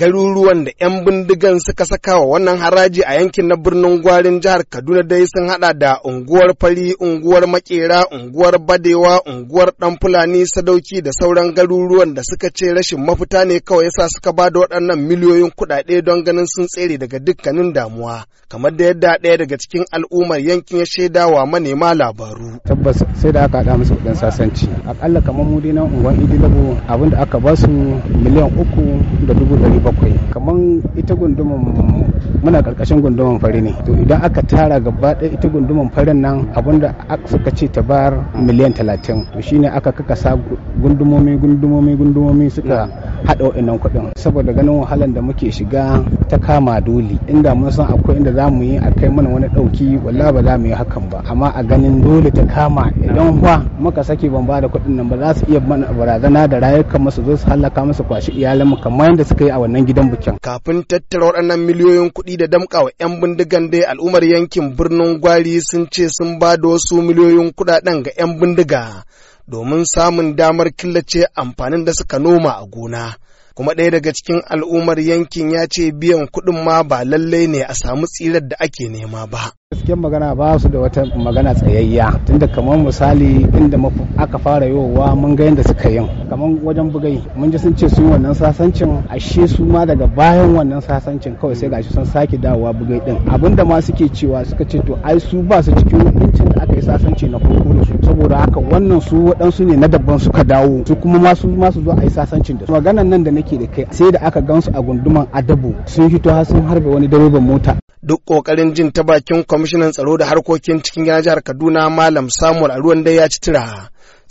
garuruwan da 'yan bindigan suka saka wa wannan haraji a yankin na birnin gwarin jihar kaduna dai sun hada da unguwar fari unguwar makera unguwar badewa unguwar dan fulani sadauki da sauran garuruwan da suka ce rashin mafita ne kawai yasa suka ba da waɗannan miliyoyin kuɗaɗe don ganin sun tsere daga dukkanin damuwa kamar da yadda ɗaya daga cikin al'ummar yankin ya shaida wa manema labaru tabbas sai da aka haɗa musu kuɗin sasanci akalla kamar mu dai nan unguwar idilabo abinda aka ba su miliyan uku da dubu ɗari bakwai kamar ita gundumar muna karkashin gundumar fari ne to idan aka tara gaba ɗaya ita gunduman farin nan abinda suka ce ta bar miliyan talatin to shine aka kakasa sa gundumomi gundumomi gundumomi suka haɗa waɗannan kuɗin saboda ganin wahalar da muke shiga ta kama dole inda mun san akwai inda za mu yi a kai mana wani ɗauki walla ba za mu yi hakan ba amma a ganin dole ta kama idan fa muka sake ban ba da kuɗin nan ba za su iya mana barazana da rayukan masu zo su hallaka musu kwashi iyalan mu kamar yadda suka yi a wannan gidan bikin kafin tattara waɗannan miliyoyin kuɗi da damƙawa 'yan bindigan dai al'ummar yankin birnin gwari sun ce sun ba da wasu miliyoyin kuɗaɗen ga 'yan bindiga domin samun damar killace amfanin da suka noma a gona kuma ɗaya daga cikin al'ummar yankin ya ce biyan kuɗin ma ba lallai ne a samu tsirar da ake nema ba. gaskiyar magana ba su da wata magana tsayayya tunda kamar misali inda aka fara yowa mun ga yadda suka yin kamar wajen bugai mun ji sun ce sun wannan sasancin ashe su ma daga bayan wannan sasancin kawai sai gashi sun sake dawowa bugai din abinda ma suke cewa suka ce to ai su ba su cikin hukuncin da aka yi sasanci na farko da su saboda haka wannan su waɗansu ne na dabban suka dawo su kuma ma su zo a yi sasancin da su maganan nan da nake aiki da kai sai da aka gansu a gunduman adabu sun fito har sun harbe wani direban mota duk kokarin jin ta bakin kwamishinan tsaro da harkokin cikin gidan jihar Kaduna Malam Samuel Aruwan dai ya ci tira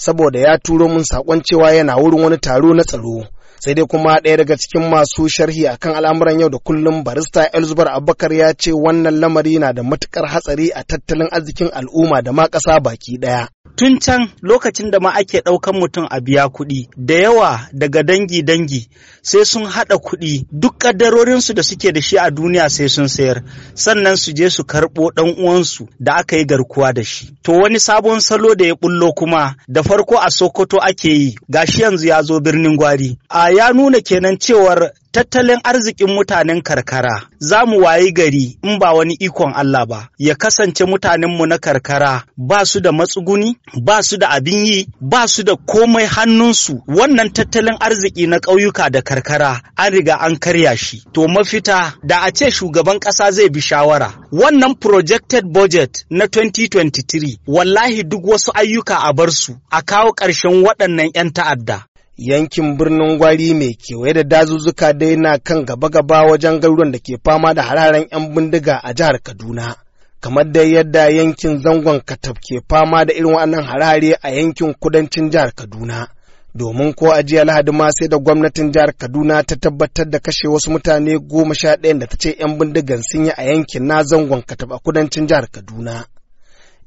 saboda ya turo mun sakon cewa yana wurin wani taro na tsaro sai dai kuma ɗaya daga cikin masu sharhi akan al'amuran yau da kullum barista Elzubar Abubakar ya ce wannan lamari na da matukar hatsari a tattalin arzikin al'umma da ma ƙasa baki ɗaya. tun can lokacin da ma ake ɗaukan mutum a biya kuɗi da yawa daga dangi-dangi sai sun haɗa kuɗi duk ƙaddarorinsu da suke da shi a duniya sai sun sayar sannan su je su karɓo ɗan uwansu da aka yi garkuwa da shi to wani sabon salo da ya bullo kuma da farko a sokoto ake yi gashi yanzu ya zo birnin gwari a ya nuna kenan cewar tattalin arzikin mutanen karkara za mu wayi gari in ba wani ikon Allah ba ya kasance mutanenmu na karkara ba su da matsuguni ba su da abin yi ba su da komai hannunsu wannan tattalin arziki na ƙauyuka da karkara an riga an karya shi to mafita da a ce shugaban ƙasa zai bi shawara wannan projected budget na 2023 wallahi duk wasu ayyuka a bar su a kawo ƙarshen waɗannan 'yan ta'adda yankin birnin gwari mai kewaye da dazuzzuka dai na kan gaba-gaba wajen garuruwan da ke fama da hararen 'yan bindiga a jihar kaduna kamar da yadda yankin zangon katab ke fama da irin waɗannan harare a yankin kudancin jihar kaduna domin ko a jiya lahadi ma sai da gwamnatin jihar kaduna ta tabbatar da kashe wasu mutane goma sha ɗayan da ta ce 'yan bindigan sun yi a yankin na zangon katab a kudancin jihar kaduna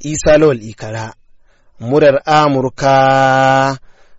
isa lawal ikara murar amurka